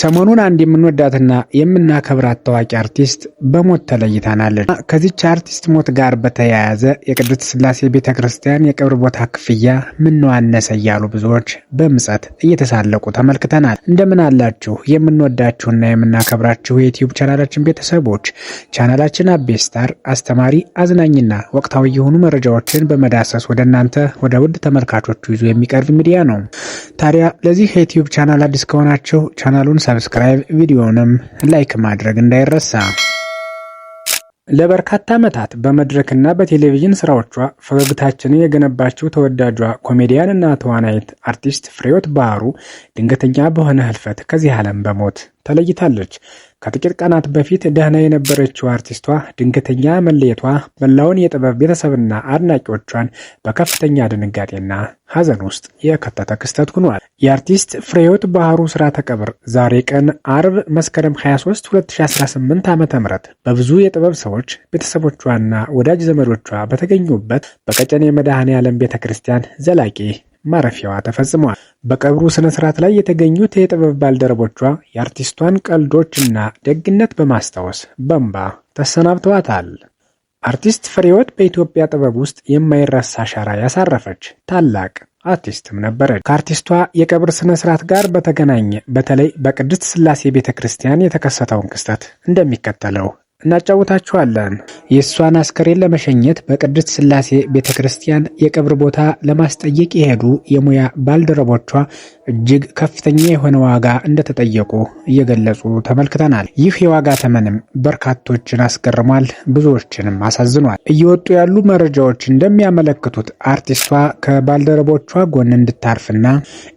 ሰሞኑን አንድ የምንወዳትና የምናከብራት ታዋቂ አርቲስት በሞት ተለይታናለች። ከዚች አርቲስት ሞት ጋር በተያያዘ የቅድስት ስላሴ ቤተ ክርስቲያን የቀብር ቦታ ክፍያ ምነው አነሰ እያሉ ብዙዎች በምጸት እየተሳለቁ ተመልክተናል። እንደምን አላችሁ የምንወዳችሁና የምናከብራችሁ የዩትዩብ ቻናላችን ቤተሰቦች፣ ቻናላችን አቤ ስታር አስተማሪ፣ አዝናኝና ወቅታዊ የሆኑ መረጃዎችን በመዳሰስ ወደ እናንተ ወደ ውድ ተመልካቾቹ ይዞ የሚቀርብ ሚዲያ ነው። ታዲያ ለዚህ የዩትዩብ ቻናል አዲስ ከሆናችሁ ቻናሉን ሰብስክራይብ፣ ቪዲዮንም ላይክ ማድረግ እንዳይረሳ። ለበርካታ ዓመታት በመድረክና በቴሌቪዥን ስራዎቿ ፈገግታችንን የገነባችው ተወዳጇ ኮሜዲያን ተዋናይት አርቲስት ፍሬወት ባህሩ ድንገተኛ በሆነ ህልፈት ከዚህ ዓለም በሞት ተለይታለች። ከጥቂት ቀናት በፊት ደህና የነበረችው አርቲስቷ ድንገተኛ መለየቷ መላውን የጥበብ ቤተሰብና አድናቂዎቿን በከፍተኛ ድንጋጤና ሀዘን ውስጥ የከተተ ክስተት ሆኗል። የአርቲስት ፍሬህይወት ባህሩ ስርዓተ ቀብር ዛሬ ቀን አርብ መስከረም 23 2018 ዓ ም በብዙ የጥበብ ሰዎች ቤተሰቦቿና ወዳጅ ዘመዶቿ በተገኙበት በቀጨኔ መድኃኔ ዓለም ቤተ ክርስቲያን ዘላቂ ማረፊያዋ ተፈጽሟል። በቀብሩ ስነ ስርዓት ላይ የተገኙት የጥበብ ባልደረቦቿ የአርቲስቷን ቀልዶችና ደግነት በማስታወስ በንባ ተሰናብተዋታል። አርቲስት ፍሬህይወት በኢትዮጵያ ጥበብ ውስጥ የማይረሳ አሻራ ያሳረፈች ታላቅ አርቲስትም ነበረ። ከአርቲስቷ የቀብር ስነ ስርዓት ጋር በተገናኘ በተለይ በቅድስት ስላሴ ቤተ ክርስቲያን የተከሰተውን ክስተት እንደሚከተለው እናጫውታችኋለን። የእሷን አስከሬን ለመሸኘት በቅድስት ስላሴ ቤተ ክርስቲያን የቀብር ቦታ ለማስጠየቅ የሄዱ የሙያ ባልደረቦቿ እጅግ ከፍተኛ የሆነ ዋጋ እንደተጠየቁ እየገለጹ ተመልክተናል። ይህ የዋጋ ተመንም በርካቶችን አስገርሟል፣ ብዙዎችንም አሳዝኗል። እየወጡ ያሉ መረጃዎች እንደሚያመለክቱት አርቲስቷ ከባልደረቦቿ ጎን እንድታርፍና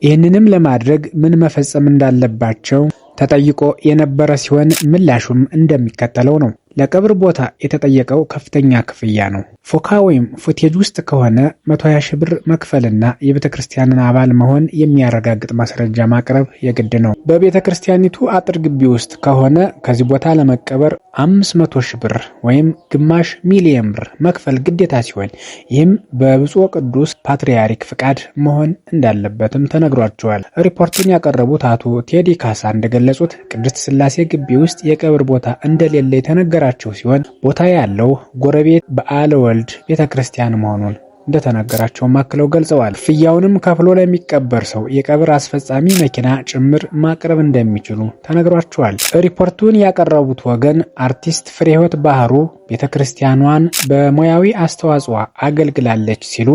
ይህንንም ለማድረግ ምን መፈጸም እንዳለባቸው ተጠይቆ የነበረ ሲሆን ምላሹም እንደሚከተለው ነው። ለቀብር ቦታ የተጠየቀው ከፍተኛ ክፍያ ነው። ፎካ ወይም ፉቴጅ ውስጥ ከሆነ 120 ሺህ ብር መክፈልና የቤተ ክርስቲያንን አባል መሆን የሚያረጋግጥ ማስረጃ ማቅረብ የግድ ነው። በቤተ ክርስቲያኒቱ አጥር ግቢ ውስጥ ከሆነ ከዚህ ቦታ ለመቀበር 500 ሺህ ብር ወይም ግማሽ ሚሊየን ብር መክፈል ግዴታ ሲሆን ይህም በብፁዕ ቅዱስ ፓትርያርክ ፍቃድ መሆን እንዳለበትም ተነግሯቸዋል። ሪፖርቱን ያቀረቡት አቶ ቴዲ ካሳ እንደገለጹት ቅድስት ስላሴ ግቢ ውስጥ የቀብር ቦታ እንደሌለ የተነገራ የነገራቸው ሲሆን ቦታ ያለው ጎረቤት በዓለ ወልድ ቤተ ክርስቲያን መሆኑን እንደተነገራቸው አክለው ገልጸዋል። ክፍያውንም ከፍሎ ለሚቀበር ሰው የቀብር አስፈጻሚ መኪና ጭምር ማቅረብ እንደሚችሉ ተነግሯቸዋል። ሪፖርቱን ያቀረቡት ወገን አርቲስት ፍሬህይወት ባህሩ ቤተ ክርስቲያኗን በሙያዊ አስተዋጽኦ አገልግላለች ሲሉ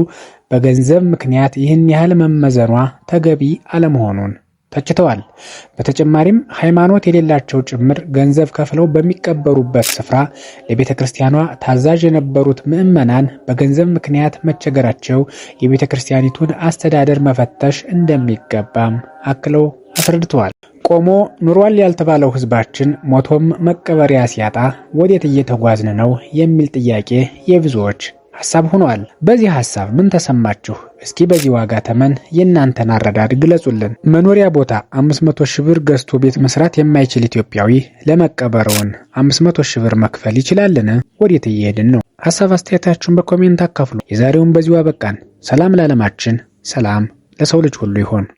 በገንዘብ ምክንያት ይህን ያህል መመዘኗ ተገቢ አለመሆኑን ተችተዋል። በተጨማሪም ሃይማኖት የሌላቸው ጭምር ገንዘብ ከፍለው በሚቀበሩበት ስፍራ ለቤተ ክርስቲያኗ ታዛዥ የነበሩት ምዕመናን በገንዘብ ምክንያት መቸገራቸው የቤተ ክርስቲያኒቱን አስተዳደር መፈተሽ እንደሚገባም አክለው አስረድተዋል። ቆሞ ኑሯል ያልተባለው ህዝባችን ሞቶም መቀበሪያ ሲያጣ ወዴት እየተጓዝን ነው የሚል ጥያቄ የብዙዎች ሀሳብ ሆኗል። በዚህ ሀሳብ ምን ተሰማችሁ? እስኪ በዚህ ዋጋ ተመን የእናንተን አረዳድ ግለጹልን። መኖሪያ ቦታ 500 ሺህ ብር ገዝቶ ቤት መስራት የማይችል ኢትዮጵያዊ ለመቀበረውን 500 ሺህ ብር መክፈል ይችላልን? ወዴት እየሄድን ነው? ሀሳብ አስተያየታችሁን በኮሜንት አካፍሉ። የዛሬውን በዚሁ አበቃን። ሰላም ለዓለማችን፣ ሰላም ለሰው ልጅ ሁሉ ይሆን።